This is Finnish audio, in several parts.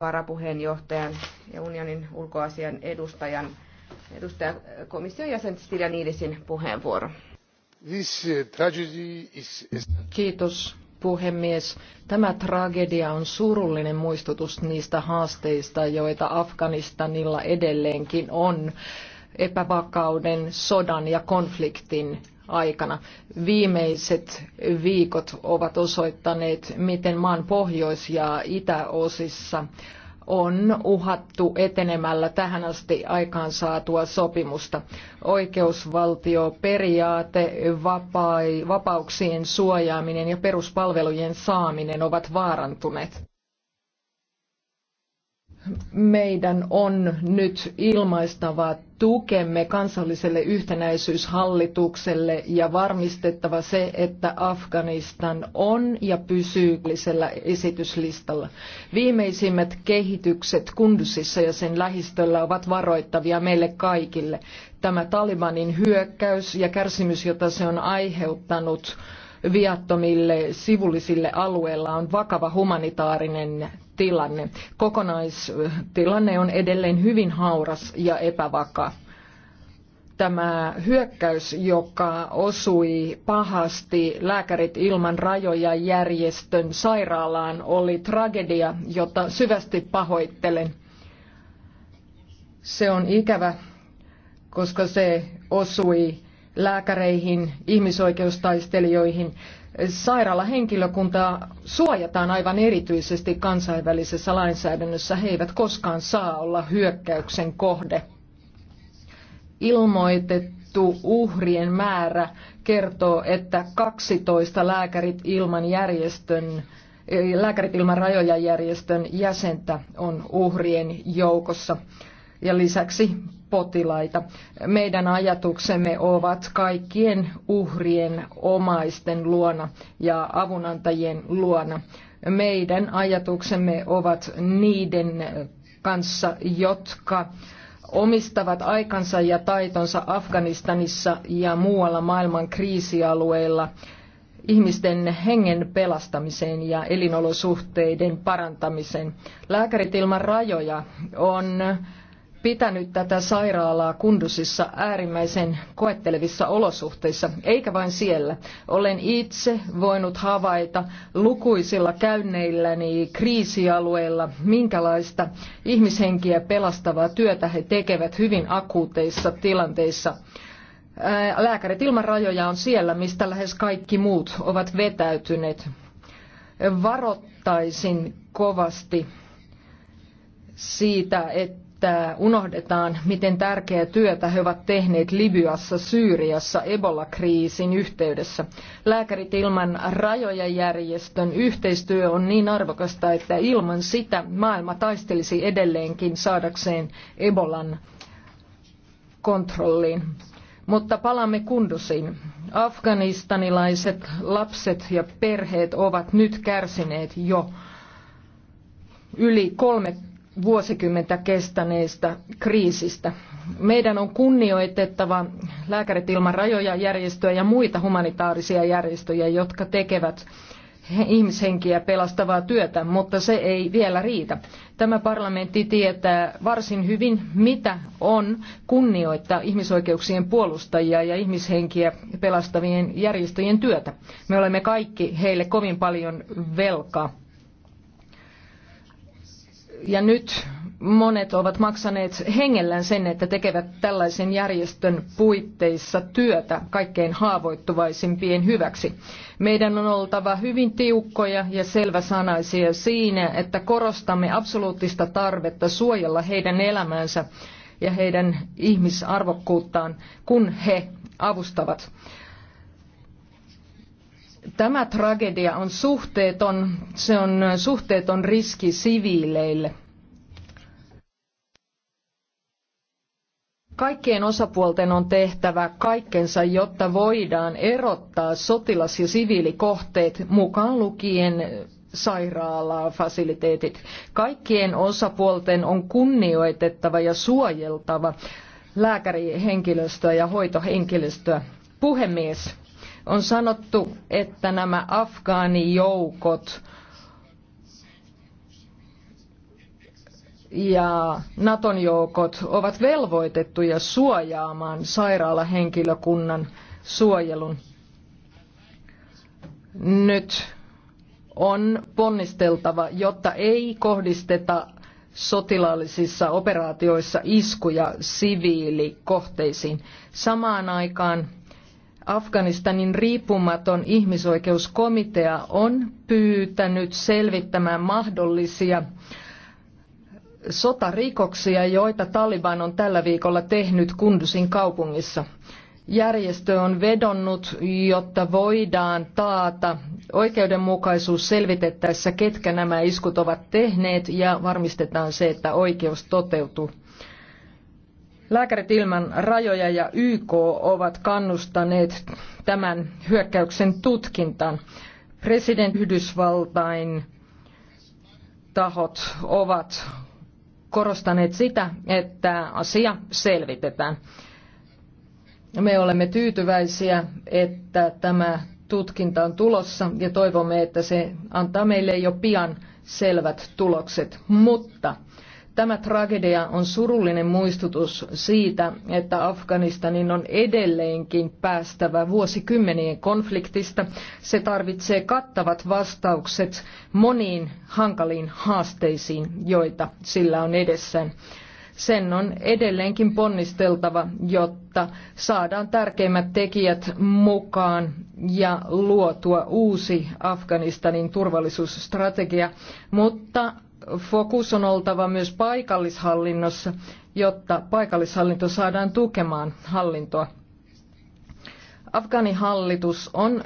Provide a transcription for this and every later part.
varapuheenjohtajan ja unionin ulkoasian edustajan edustaja eh, komission jäsen Stylianidisin puheenvuoro. Eh, Kiitos puhemies. Tämä tragedia on surullinen muistutus niistä haasteista, joita Afganistanilla edelleenkin on epävakauden, sodan ja konfliktin aikana. Viimeiset viikot ovat osoittaneet, miten maan pohjois- ja itäosissa on uhattu etenemällä tähän asti saatua sopimusta. periaate, vapai, vapauksien suojaaminen ja peruspalvelujen saaminen ovat vaarantuneet. Meidän on nyt ilmaistava tukemme kansalliselle yhtenäisyyshallitukselle ja varmistettava se, että Afganistan on ja pysyy esityslistalla. Viimeisimmät kehitykset Kundusissa ja sen lähistöllä ovat varoittavia meille kaikille. Tämä Talibanin hyökkäys ja kärsimys, jota se on aiheuttanut viattomille sivullisille alueilla, on vakava humanitaarinen tilanne. Kokonaistilanne on edelleen hyvin hauras ja epävakaa tämä hyökkäys, joka osui pahasti Lääkärit ilman rajoja järjestön sairaalaan, oli tragedia, jota syvästi pahoittelen. Se on ikävä, koska se osui lääkäreihin, ihmisoikeustaistelijoihin sairaalahenkilökuntaa suojataan aivan erityisesti kansainvälisessä lainsäädännössä. He eivät koskaan saa olla hyökkäyksen kohde. Ilmoitettu uhrien määrä kertoo, että 12 lääkärit ilman järjestön eh, Lääkärit ilman rajoja järjestön jäsentä on uhrien joukossa ja lisäksi potilaita. Meidän ajatuksemme ovat kaikkien uhrien omaisten luona ja avunantajien luona. Meidän ajatuksemme ovat niiden kanssa, jotka omistavat aikansa ja taitonsa Afganistanissa ja muualla maailman kriisialueilla ihmisten hengen pelastamiseen ja elinolosuhteiden parantamiseen. Lääkärit ilman rajoja on pitänyt tätä sairaalaa Kundusissa äärimmäisen koettelevissa olosuhteissa, eikä vain siellä. Olen itse voinut havaita lukuisilla käynneilläni kriisialueilla, minkälaista ihmishenkiä pelastavaa työtä he tekevät hyvin akuuteissa tilanteissa. Lääkärit ilman rajoja on siellä, mistä lähes kaikki muut ovat vetäytyneet. Varoittaisin kovasti siitä, että että unohdetaan, miten tärkeää työtä he ovat tehneet Libyassa, Syyriassa, Ebola-kriisin yhteydessä. Lääkärit ilman rajoja järjestön yhteistyö on niin arvokasta, että ilman sitä maailma taistelisi edelleenkin saadakseen Ebolan kontrolliin. Mutta palaamme Kundusiin. Afganistanilaiset lapset ja perheet ovat nyt kärsineet jo yli kolme vuosikymmentä kestäneestä kriisistä. Meidän on kunnioitettava Lääkärit ilman rajoja järjestöä ja muita humanitaarisia järjestöjä, jotka tekevät ihmishenkiä pelastavaa työtä, mutta se ei vielä riitä. Tämä parlamentti tietää varsin hyvin, mitä on kunnioittaa ihmisoikeuksien puolustajia ja ihmishenkiä pelastavien järjestöjen työtä. Me olemme kaikki heille kovin paljon velkaa ja nyt monet ovat maksaneet hengellään sen, että tekevät tällaisen järjestön puitteissa työtä kaikkein haavoittuvaisimpien hyväksi. Meidän on oltava hyvin tiukkoja ja selväsanaisia siinä, että korostamme absoluuttista tarvetta suojella heidän elämäänsä ja heidän ihmisarvokkuuttaan, kun he avustavat Tämä tragedia on suhteeton, se on suhteeton riski siviileille. Kaikkien osapuolten on tehtävä kaikkensa, jotta voidaan erottaa sotilas- ja siviilikohteet mukaan lukien sairaalafasiliteetit. Kaikkien osapuolten on kunnioitettava ja suojeltava lääkärihenkilöstöä ja hoitohenkilöstöä. Puhemies, on sanottu, että nämä afgaanijoukot ja Naton joukot ovat velvoitettuja suojaamaan sairaalahenkilökunnan suojelun. Nyt on ponnisteltava, jotta ei kohdisteta sotilaallisissa operaatioissa iskuja siviilikohteisiin. Samaan aikaan Afganistanin riippumaton ihmisoikeuskomitea on pyytänyt selvittämään mahdollisia sotarikoksia, joita Taliban on tällä viikolla tehnyt Kundusin kaupungissa. Järjestö on vedonnut, jotta voidaan taata oikeudenmukaisuus selvitettäessä, ketkä nämä iskut ovat tehneet ja varmistetaan se, että oikeus toteutuu. Lääkärit ilman rajoja ja YK ovat kannustaneet tämän hyökkäyksen tutkintaan. Presidentti Yhdysvaltain tahot ovat korostaneet sitä, että asia selvitetään. Me olemme tyytyväisiä, että tämä tutkinta on tulossa ja toivomme, että se antaa meille jo pian selvät tulokset. Mutta Tämä tragedia on surullinen muistutus siitä, että Afganistanin on edelleenkin päästävä vuosikymmenien konfliktista. Se tarvitsee kattavat vastaukset moniin hankaliin haasteisiin, joita sillä on edessään sen on edelleenkin ponnisteltava, jotta saadaan tärkeimmät tekijät mukaan ja luotua uusi Afganistanin turvallisuusstrategia, mutta fokus on oltava myös paikallishallinnossa, jotta paikallishallinto saadaan tukemaan hallintoa. Afganihallitus on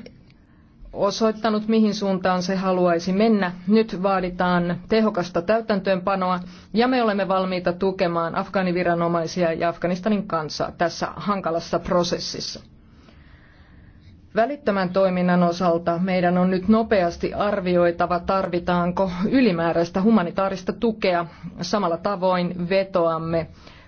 osoittanut, mihin suuntaan se haluaisi mennä. Nyt vaaditaan tehokasta täytäntöönpanoa ja me olemme valmiita tukemaan afgaaniviranomaisia ja Afganistanin kansaa tässä hankalassa prosessissa. Välittömän toiminnan osalta meidän on nyt nopeasti arvioitava, tarvitaanko ylimääräistä humanitaarista tukea. Samalla tavoin vetoamme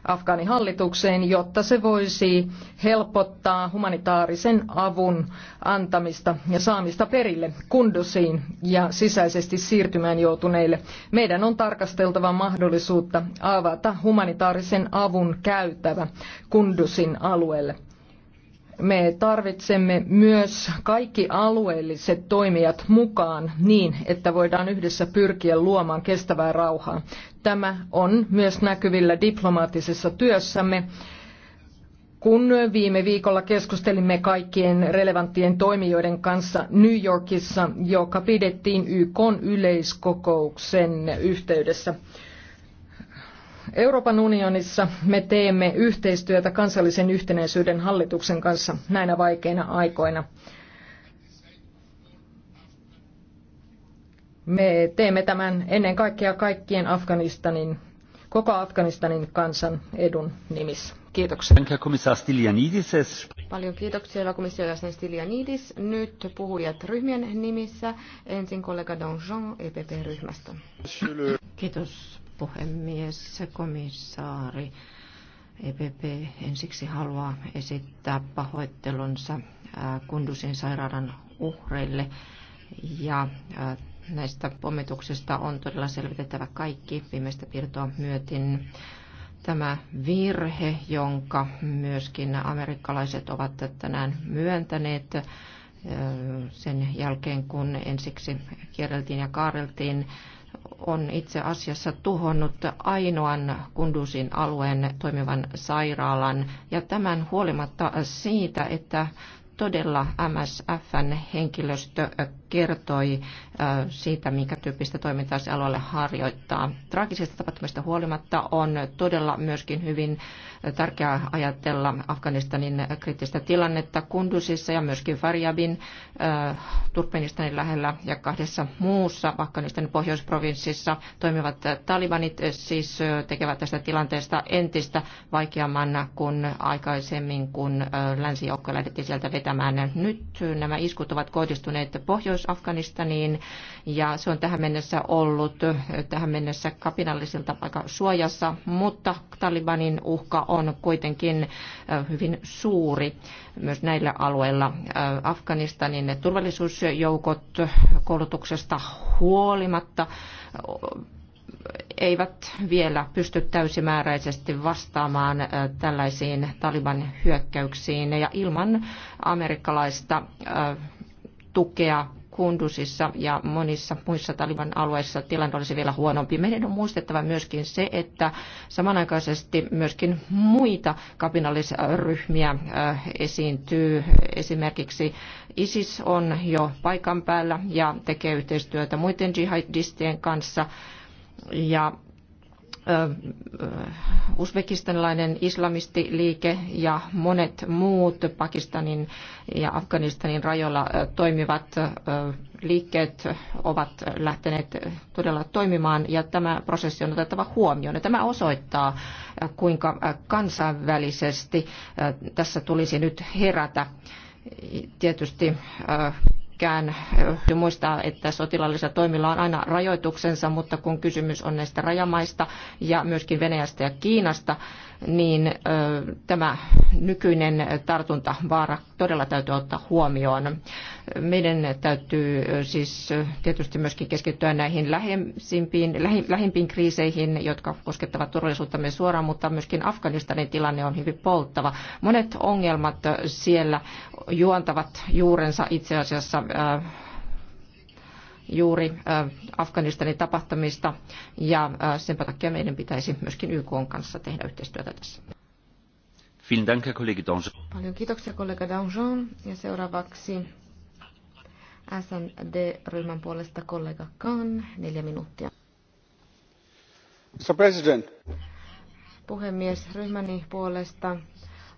Afgaanihallitukseen, jotta se voisi helpottaa humanitaarisen avun antamista ja saamista perille kundusiin ja sisäisesti siirtymään joutuneille. Meidän on tarkasteltava mahdollisuutta avata humanitaarisen avun käytävä kundusin alueelle. Me tarvitsemme myös kaikki alueelliset toimijat mukaan niin, että voidaan yhdessä pyrkiä luomaan kestävää rauhaa. Tämä on myös näkyvillä diplomaattisessa työssämme. Kun viime viikolla keskustelimme kaikkien relevanttien toimijoiden kanssa New Yorkissa, joka pidettiin YK yleiskokouksen yhteydessä. Euroopan unionissa me teemme yhteistyötä kansallisen yhtenäisyyden hallituksen kanssa näinä vaikeina aikoina. Me teemme tämän ennen kaikkea kaikkien Afganistanin, koko Afganistanin kansan edun nimissä. Kiitoksia. Paljon kiitoksia, komissio jäsen Stylianidis. Nyt puhujat ryhmien nimissä. Ensin kollega Donjon EPP-ryhmästä. Kiitos puhemies, komissaari. EPP ensiksi haluaa esittää pahoittelunsa äh, Kundusin sairaalan uhreille ja äh, näistä pommituksista on todella selvitettävä kaikki viimeistä piirtoa myötin. Tämä virhe, jonka myöskin amerikkalaiset ovat tänään myöntäneet äh, sen jälkeen, kun ensiksi kierreltiin ja kaareltiin on itse asiassa tuhonnut ainoan Kundusin alueen toimivan sairaalan. Ja tämän huolimatta siitä, että todella MSFn henkilöstö kertoi äh, siitä, minkä tyyppistä toimintaa se alueelle harjoittaa. Traagisista tapahtumista huolimatta on todella myöskin hyvin tärkeää ajatella Afganistanin kriittistä tilannetta Kundusissa ja myöskin Faryabin äh, Turkmenistanin lähellä ja kahdessa muussa Afganistanin pohjoisprovinssissa toimivat talibanit siis äh, tekevät tästä tilanteesta entistä vaikeamman kuin aikaisemmin, kun länsijoukkoja lähdettiin sieltä vetämään. Nyt nämä iskut ovat kohdistuneet pohjois pohjois Afganistaniin ja se on tähän mennessä ollut tähän mennessä kapinallisilta aika suojassa, mutta Talibanin uhka on kuitenkin hyvin suuri myös näillä alueilla. Afganistanin turvallisuusjoukot koulutuksesta huolimatta eivät vielä pysty täysimääräisesti vastaamaan tällaisiin Taliban hyökkäyksiin ja ilman amerikkalaista tukea Kundusissa ja monissa muissa Taliban alueissa tilanne olisi vielä huonompi. Meidän on muistettava myöskin se, että samanaikaisesti myöskin muita kapinallisryhmiä äh, esiintyy. Esimerkiksi ISIS on jo paikan päällä ja tekee yhteistyötä muiden jihadistien kanssa. Ja usbekistanilainen islamistiliike ja monet muut Pakistanin ja Afganistanin rajoilla toimivat liikkeet ovat lähteneet todella toimimaan ja tämä prosessi on otettava huomioon. Ja tämä osoittaa, kuinka kansainvälisesti tässä tulisi nyt herätä. Tietysti pitkään. Ja muistaa, että sotilaallisilla toimilla on aina rajoituksensa, mutta kun kysymys on näistä rajamaista ja myöskin Venäjästä ja Kiinasta, niin tämä nykyinen tartuntavaara todella täytyy ottaa huomioon. Meidän täytyy siis tietysti myöskin keskittyä näihin läheisimpiin, lähi, lähimpiin kriiseihin, jotka koskettavat turvallisuuttamme suoraan, mutta myöskin Afganistanin tilanne on hyvin polttava. Monet ongelmat siellä juontavat juurensa itse asiassa ö, juuri äh, Afganistanin tapahtumista ja äh, sen takia meidän pitäisi myöskin YK kanssa tehdä yhteistyötä tässä. Paljon kiitoksia kollega Danjon ja seuraavaksi SND-ryhmän puolesta kollega Kahn, neljä minuuttia. Mr. President. Puhemies, ryhmäni puolesta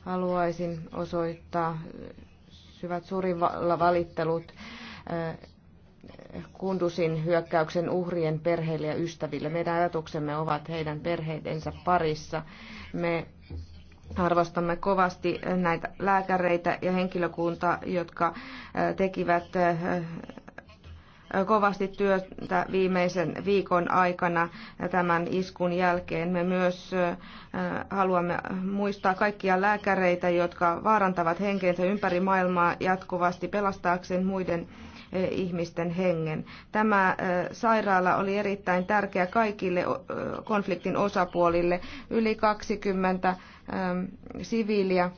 haluaisin osoittaa syvät surilla valittelut äh, Kundusin hyökkäyksen uhrien perheille ja ystäville. Meidän ajatuksemme ovat heidän perheidensä parissa. Me arvostamme kovasti näitä lääkäreitä ja henkilökuntaa, jotka äh, tekivät äh, kovasti työtä viimeisen viikon aikana tämän iskun jälkeen. Me myös äh, haluamme muistaa kaikkia lääkäreitä, jotka vaarantavat henkeensä ympäri maailmaa jatkuvasti pelastaakseen muiden E, ihmisten hengen. Tämä e, sairaala oli erittäin tärkeä kaikille e, konfliktin osapuolille. Yli 20 siviiliä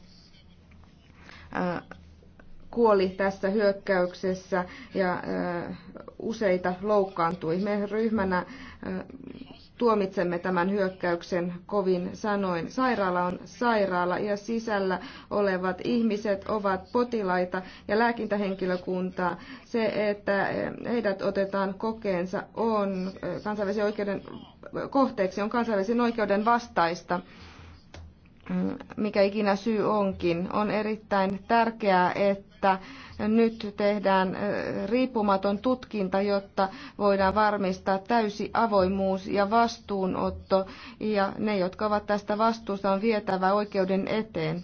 kuoli tässä hyökkäyksessä ja useita loukkaantui. Me ryhmänä tuomitsemme tämän hyökkäyksen kovin sanoin. Sairaala on sairaala ja sisällä olevat ihmiset ovat potilaita ja lääkintähenkilökuntaa. Se, että heidät otetaan kokeensa on kansainvälisen oikeuden kohteeksi, on kansainvälisen oikeuden vastaista mikä ikinä syy onkin. On erittäin tärkeää, että että nyt tehdään riippumaton tutkinta, jotta voidaan varmistaa täysi avoimuus ja vastuunotto, ja ne, jotka ovat tästä vastuusta, on vietävä oikeuden eteen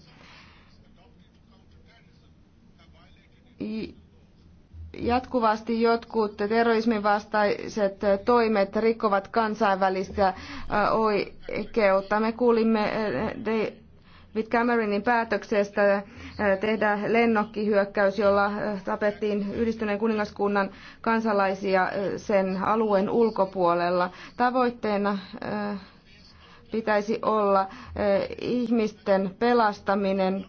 jatkuvasti jotkut terrorismin vastaiset toimet rikkovat kansainvälistä oikeutta. Me kuulimme Cameronin päätöksestä äh, tehdä lennokkihyökkäys, jolla äh, tapettiin yhdistyneen kuningaskunnan kansalaisia äh, sen alueen ulkopuolella. Tavoitteena pitäisi olla ihmisten pelastaminen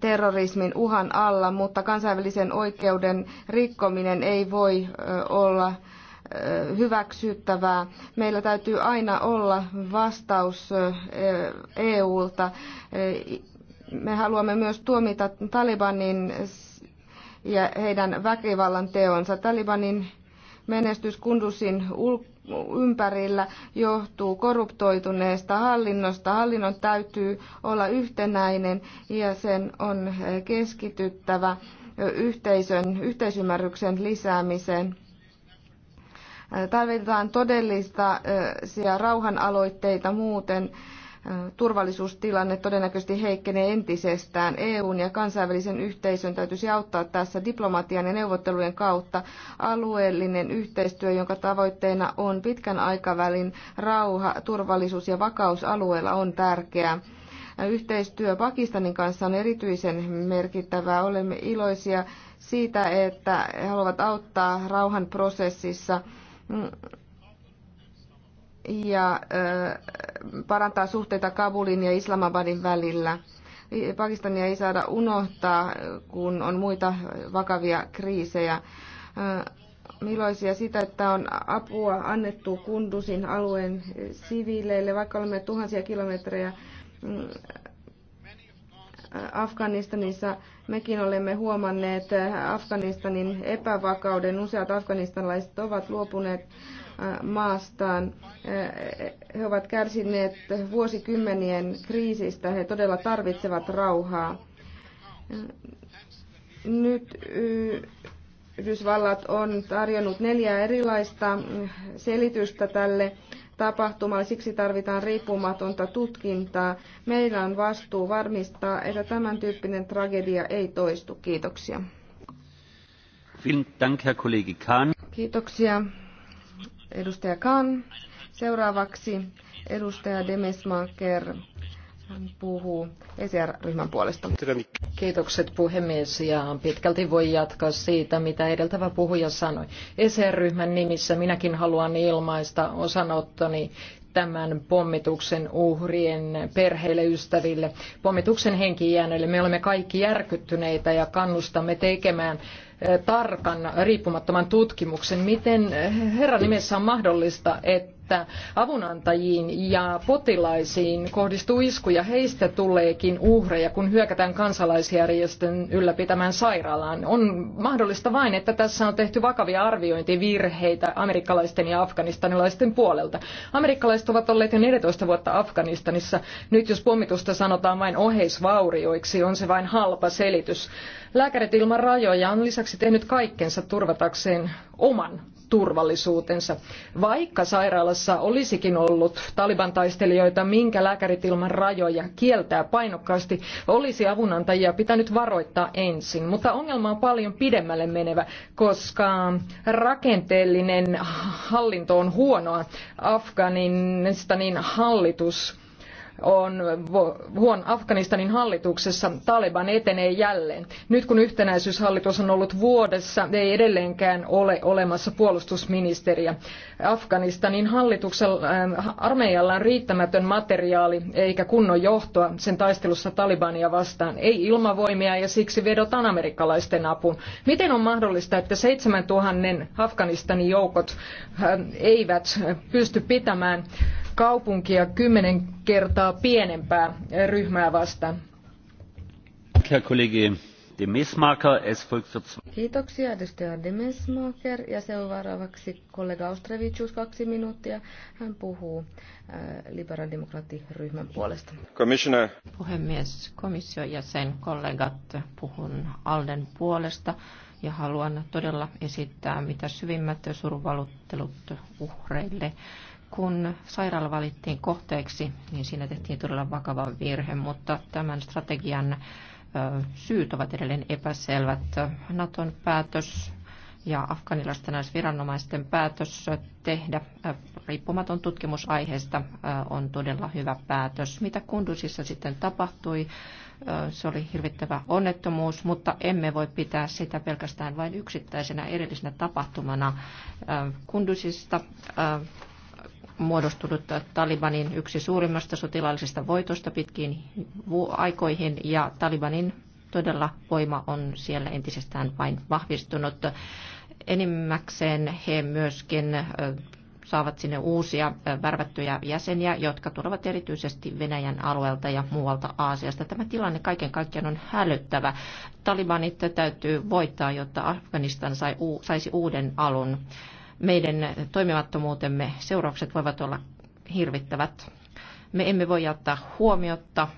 terrorismin uhan alla, mutta kansainvälisen oikeuden rikkominen ei voi olla hyväksyttävää. Meillä täytyy aina olla vastaus EUlta. E, me haluamme myös tuomita Talibanin ja heidän väkivallan teonsa. Talibanin menestys Kundusin ympärillä johtuu korruptoituneesta hallinnosta. Hallinnon täytyy olla yhtenäinen ja sen on keskityttävä yhteisön, yhteisymmärryksen lisäämiseen. Tarvitaan todellisia rauhanaloitteita muuten. Turvallisuustilanne todennäköisesti heikkenee entisestään. EUn ja kansainvälisen yhteisön täytyisi auttaa tässä diplomatian ja neuvottelujen kautta alueellinen yhteistyö, jonka tavoitteena on pitkän aikavälin rauha, turvallisuus ja vakaus alueella on tärkeää. Yhteistyö Pakistanin kanssa on erityisen merkittävää. Olemme iloisia siitä, että he haluavat auttaa rauhanprosessissa prosessissa ja parantaa suhteita Kabulin ja Islamabadin välillä. Pakistania ei saada unohtaa, kun on muita vakavia kriisejä. Miloisia sitä, että on apua annettu Kundusin alueen siviileille, vaikka olemme tuhansia kilometrejä mm, Afganistanissa mekin olemme huomanneet Afganistanin epävakauden. Useat afganistanlaiset ovat luopuneet äh, maastaan. Äh, he ovat kärsineet vuosikymmenien kriisistä. He todella tarvitsevat rauhaa. Nyt äh, Yhdysvallat on tarjonnut neljä erilaista selitystä tälle tapahtumaan. Siksi tarvitaan riippumatonta tutkintaa. Meillä on vastuu varmistaa, että tämän tyyppinen tragedia ei toistu. Kiitoksia. Kiitoksia, edustaja Kahn. Seuraavaksi edustaja Demesmaker hän puhuu ECR-ryhmän puolesta. Kiitokset puhemies ja pitkälti voi jatkaa siitä, mitä edeltävä puhuja sanoi. ECR-ryhmän nimissä minäkin haluan ilmaista osanottoni tämän pommituksen uhrien perheille, ystäville, pommituksen henkijääneille. Me olemme kaikki järkyttyneitä ja kannustamme tekemään eh, tarkan riippumattoman tutkimuksen. Miten eh, herran nimessä on mahdollista, että että avunantajiin ja potilaisiin kohdistuu iskuja. Heistä tuleekin uhreja, kun hyökätään kansalaisjärjestön ylläpitämään sairaalaan. On mahdollista vain, että tässä on tehty vakavia arviointivirheitä amerikkalaisten ja afganistanilaisten puolelta. Amerikkalaiset ovat olleet jo 14 vuotta Afganistanissa. Nyt jos pommitusta sanotaan vain oheisvaurioiksi, on se vain halpa selitys. Lääkärit ilman rajoja on lisäksi tehnyt kaikkensa turvatakseen oman turvallisuutensa. Vaikka sairaalassa olisikin ollut Taliban taistelijoita, minkä lääkärit ilman rajoja kieltää painokkaasti, olisi avunantajia pitänyt varoittaa ensin. Mutta ongelma on paljon pidemmälle menevä, koska rakenteellinen hallinto on huonoa. Afganistanin hallitus on huon Afganistanin hallituksessa, Taliban etenee jälleen. Nyt kun yhtenäisyyshallitus on ollut vuodessa, ei edelleenkään ole olemassa puolustusministeriä. Afganistanin hallituksella, ähm, armeijalla on riittämätön materiaali eikä kunnon johtoa sen taistelussa Talibania vastaan. Ei ilmavoimia ja siksi vedotaan amerikkalaisten apuun. Miten on mahdollista, että 7000 Afganistanin joukot ähm, eivät pysty pitämään kaupunkia kymmenen kertaa pienempää ryhmää vastaan. Kiitoksia edustaja Demesmaker ja seuraavaksi kollega Austrevicius kaksi minuuttia. Hän puhuu äh, liberaalidemokraattiryhmän puolesta. Commissioner. Puhemies, komission jäsen, kollegat, puhun Alden puolesta ja haluan todella esittää mitä syvimmät survaluttelut uhreille kun sairaala valittiin kohteeksi, niin siinä tehtiin todella vakava virhe, mutta tämän strategian syyt ovat edelleen epäselvät. Naton päätös ja viranomaisten päätös tehdä riippumaton tutkimus aiheesta on todella hyvä päätös. Mitä Kundusissa sitten tapahtui? Se oli hirvittävä onnettomuus, mutta emme voi pitää sitä pelkästään vain yksittäisenä erillisenä tapahtumana. Kundusista muodostunut Talibanin yksi suurimmasta sotilaallisesta voitosta pitkiin aikoihin ja Talibanin todella voima on siellä entisestään vain vahvistunut. Enimmäkseen he myöskin saavat sinne uusia värvättyjä jäseniä, jotka tulevat erityisesti Venäjän alueelta ja muualta Aasiasta. Tämä tilanne kaiken kaikkiaan on hälyttävä. Talibanit täytyy voittaa, jotta Afganistan sai, saisi uuden alun meidän toimimattomuutemme seuraukset voivat olla hirvittävät. Me emme voi jättää huomiota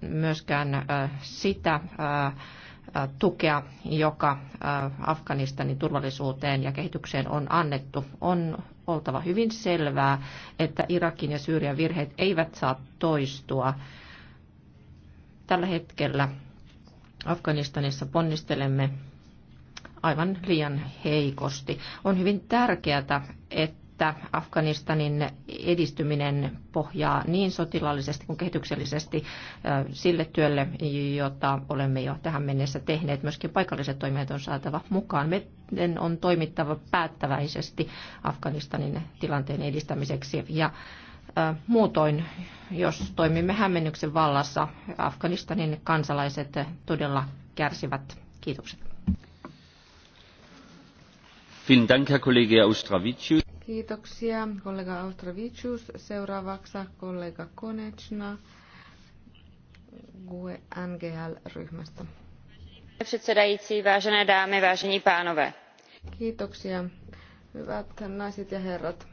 myöskään sitä tukea, joka Afganistanin turvallisuuteen ja kehitykseen on annettu. On oltava hyvin selvää, että Irakin ja Syyrian virheet eivät saa toistua. Tällä hetkellä Afganistanissa ponnistelemme aivan liian heikosti. On hyvin tärkeää, että että Afganistanin edistyminen pohjaa niin sotilaallisesti kuin kehityksellisesti sille työlle, jota olemme jo tähän mennessä tehneet. Myöskin paikalliset toimijat on saatava mukaan. Meidän on toimittava päättäväisesti Afganistanin tilanteen edistämiseksi ja Muutoin, jos toimimme hämmennyksen vallassa, Afganistanin kansalaiset todella kärsivät. Kiitokset. Kiitoksia kollega Austravicius. Seuraavaksi kollega Konechna GUE NGL-ryhmästä. Kiitoksia hyvät naiset ja herrat.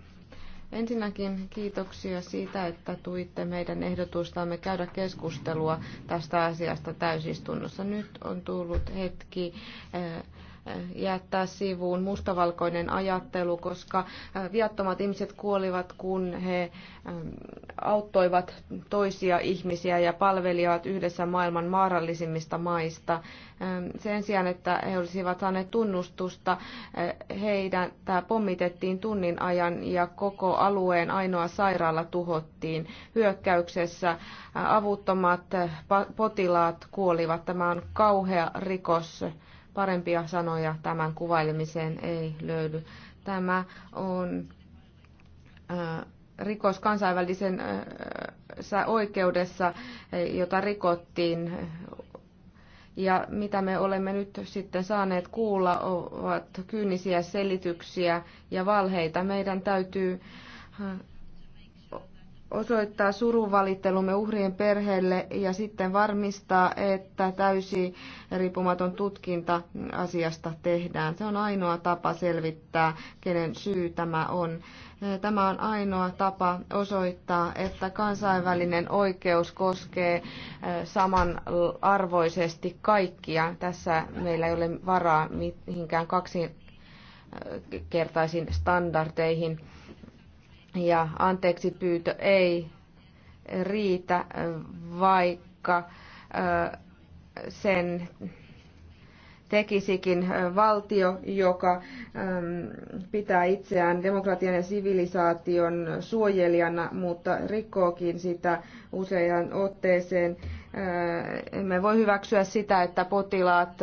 Ensinnäkin kiitoksia siitä, että tuitte meidän ehdotustamme käydä keskustelua tästä asiasta täysistunnossa. Nyt on tullut hetki eh, jättää sivuun mustavalkoinen ajattelu, koska viattomat ihmiset kuolivat, kun he auttoivat toisia ihmisiä ja palvelivat yhdessä maailman maarallisimmista maista. Sen sijaan, että he olisivat saaneet tunnustusta, heidän tämä pommitettiin tunnin ajan ja koko alueen ainoa sairaala tuhottiin. Hyökkäyksessä avuttomat potilaat kuolivat. Tämä on kauhea rikos. Parempia sanoja tämän kuvailemiseen ei löydy. Tämä on rikos kansainvälisen oikeudessa, e, jota rikottiin. Ja mitä me olemme nyt sitten saaneet kuulla, ovat kyynisiä selityksiä ja valheita. Meidän täytyy osoittaa surunvalittelumme uhrien perheelle ja sitten varmistaa, että täysi riippumaton tutkinta asiasta tehdään. Se on ainoa tapa selvittää, kenen syy tämä on. Tämä on ainoa tapa osoittaa, että kansainvälinen oikeus koskee eh, samanarvoisesti kaikkia. Tässä meillä ei ole varaa mihinkään kaksinkertaisiin standardeihin ja anteeksi pyytö ei riitä, vaikka sen tekisikin valtio, joka pitää itseään demokratian ja sivilisaation suojelijana, mutta rikkookin sitä usean otteeseen. Emme voi hyväksyä sitä, että potilaat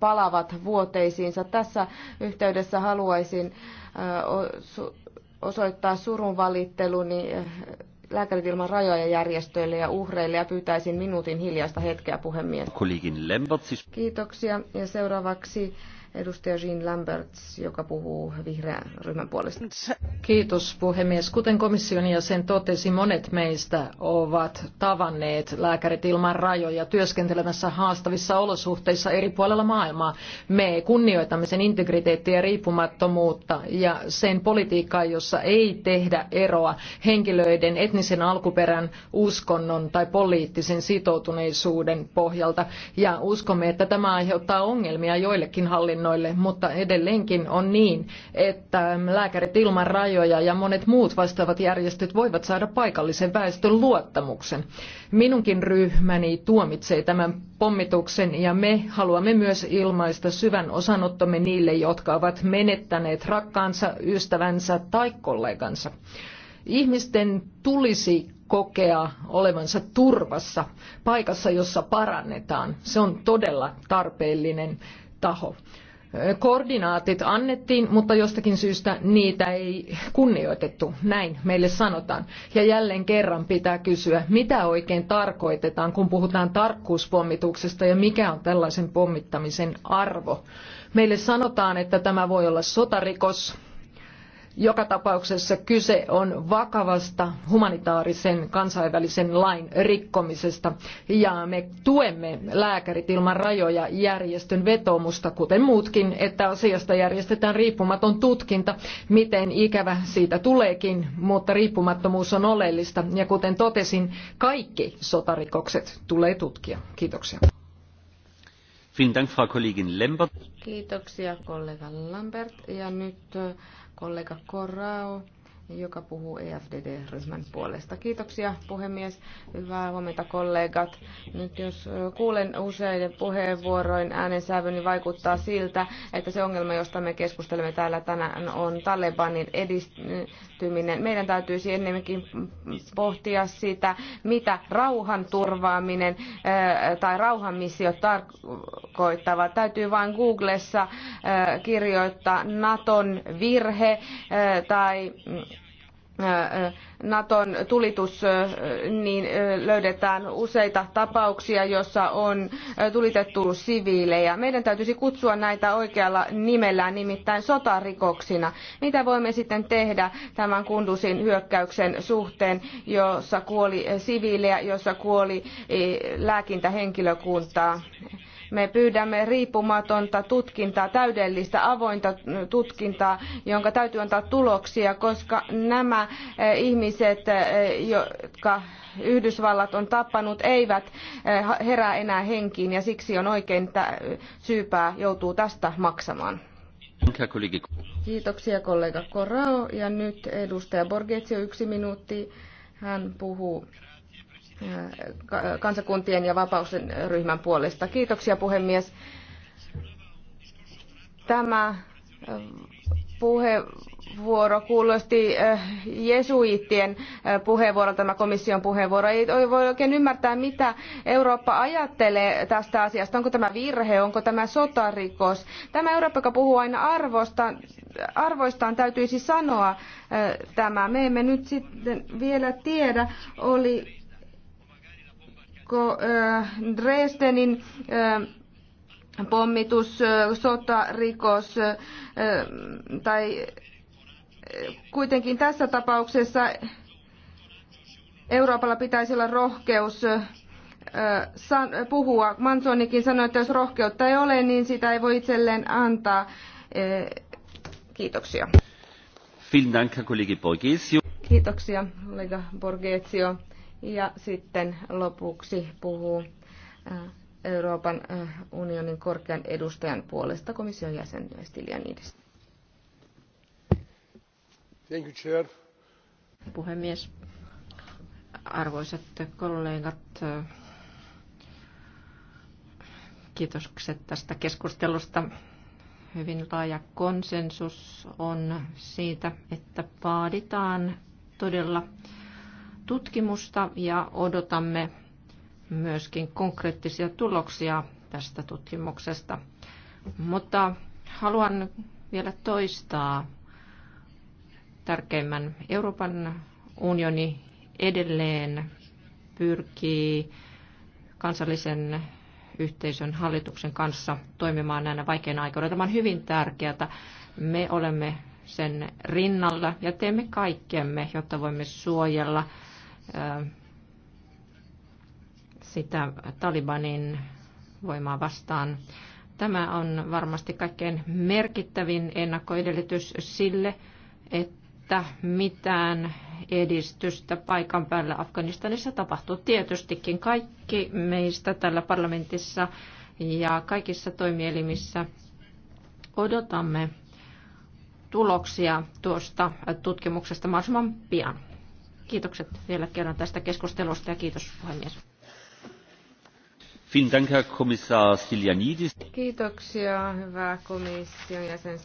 palavat vuoteisiinsa. Tässä yhteydessä haluaisin osoittaa surun valitteluni niin, eh, Lääkärit ilman rajoja järjestöille ja uhreille ja pyytäisin minuutin hiljaista hetkeä puhemies. Kollegin siis- Kiitoksia ja seuraavaksi edustaja Jean Lamberts, joka puhuu vihreän ryhmän puolesta. Kiitos puhemies. Kuten komission ja sen totesi, monet meistä ovat tavanneet lääkärit ilman rajoja työskentelemässä haastavissa olosuhteissa eri puolella maailmaa. Me kunnioitamme sen integriteettiä ja riippumattomuutta ja sen politiikkaa, jossa ei tehdä eroa henkilöiden etnisen alkuperän, uskonnon tai poliittisen sitoutuneisuuden pohjalta. Ja uskomme, että tämä aiheuttaa ongelmia joillekin hallinnon hallinnoille, mutta edelleenkin on niin, että lääkärit ilman rajoja ja monet muut vastaavat järjestöt voivat saada paikallisen väestön luottamuksen. Minunkin ryhmäni tuomitsee tämän pommituksen ja me haluamme myös ilmaista syvän osanottomme niille, jotka ovat menettäneet rakkaansa, ystävänsä tai kollegansa. Ihmisten tulisi kokea olevansa turvassa, paikassa, jossa parannetaan. Se on todella tarpeellinen taho koordinaatit annettiin, mutta jostakin syystä niitä ei kunnioitettu. Näin meille sanotaan. Ja jälleen kerran pitää kysyä, mitä oikein tarkoitetaan, kun puhutaan tarkkuuspommituksesta ja mikä on tällaisen pommittamisen arvo. Meille sanotaan, että tämä voi olla sotarikos, joka tapauksessa kyse on vakavasta humanitaarisen kansainvälisen lain rikkomisesta ja me tuemme Lääkärit ilman rajoja järjestön vetoomusta, kuten muutkin, että asiasta järjestetään riippumaton tutkinta, miten ikävä siitä tuleekin, mutta riippumattomuus on oleellista ja kuten totesin, kaikki sotarikokset tulee tutkia. Kiitoksia. Kiitoksia kollega Lambert ja nyt äh, kollega Korrao, joka puhuu EFDD-ryhmän puolesta. Kiitoksia puhemies. Hyvää huomenta kollegat. Nyt jos kuulen useiden puheenvuoroin äänensävy, niin vaikuttaa siltä, että se ongelma, josta me keskustelemme täällä tänään, on Talebanin edistyminen. Meidän täytyisi ennemminkin pohtia sitä, mitä rauhan turvaaminen tai rauhan missiot tarkoittavat. Täytyy vain Googlessa kirjoittaa Naton virhe eh, tai mm, eh, Naton tulitus, eh, niin löydetään useita tapauksia, joissa on tulitettu siviilejä. Meidän täytyisi kutsua näitä oikealla nimellä, nimittäin sotarikoksina. Mitä voimme sitten tehdä tämän Kundusin hyökkäyksen suhteen, jossa kuoli siviilejä, jossa kuoli lääkintähenkilökuntaa? Me pyydämme riippumatonta tutkintaa, täydellistä avointa tutkintaa, jonka täytyy antaa tuloksia, koska nämä eh, ihmiset, eh, jotka Yhdysvallat on tappanut, eivät eh, herää enää henkiin ja siksi on oikein, että syypää joutuu tästä maksamaan. Kiitoksia kollega Korao ja nyt edustaja Borgetsio yksi minuutti. Hän puhuu kansakuntien ja vapausten ryhmän puolesta. Kiitoksia puhemies. Tämä eh, puheenvuoro kuulosti eh, jesuiittien eh, puheenvuoro, tämä komission puheenvuoro. Ei voi oikein ymmärtää, mitä Eurooppa ajattelee tästä asiasta. Onko tämä virhe, onko tämä sotarikos? Tämä Eurooppa, joka puhuu aina arvosta, arvoistaan, täytyisi sanoa tämä. Me emme nyt sitten vielä tiedä, oli Eh, Dresdenin eh, pommitus, eh, sotarikos tai kuitenkin tässä tapauksessa Euroopalla pitäisi olla rohkeus puhua. Mansonikin sanoi, että jos rohkeutta ei ole, niin sitä ei voi itselleen antaa. Kiitoksia. Kiitoksia, kollega Borgesio. Ja sitten lopuksi puhuu äh, Euroopan äh, unionin korkean edustajan puolesta komission jäsen Stylianides. Thank you, Chair. Puhemies, arvoisat kollegat, äh, kiitokset tästä keskustelusta. Hyvin laaja konsensus on siitä, että vaaditaan todella tutkimusta ja odotamme myöskin konkreettisia tuloksia tästä tutkimuksesta. Mutta haluan vielä toistaa tärkeimmän. Euroopan unioni edelleen pyrkii kansallisen yhteisön hallituksen kanssa toimimaan näinä vaikeina aikoina. Tämä on hyvin tärkeää. Me olemme sen rinnalla ja teemme kaikkemme, jotta voimme suojella sitä Talibanin voimaa vastaan. Tämä on varmasti kaikkein merkittävin ennakkoedellytys sille, että mitään edistystä paikan päällä Afganistanissa tapahtuu. Tietystikin kaikki meistä tällä parlamentissa ja kaikissa toimielimissä odotamme tuloksia tuosta tutkimuksesta mahdollisimman pian. Kiitokset vielä kerran tästä keskustelusta ja kiitos puhemies. Kiitoksia, hyvä komission jäsen.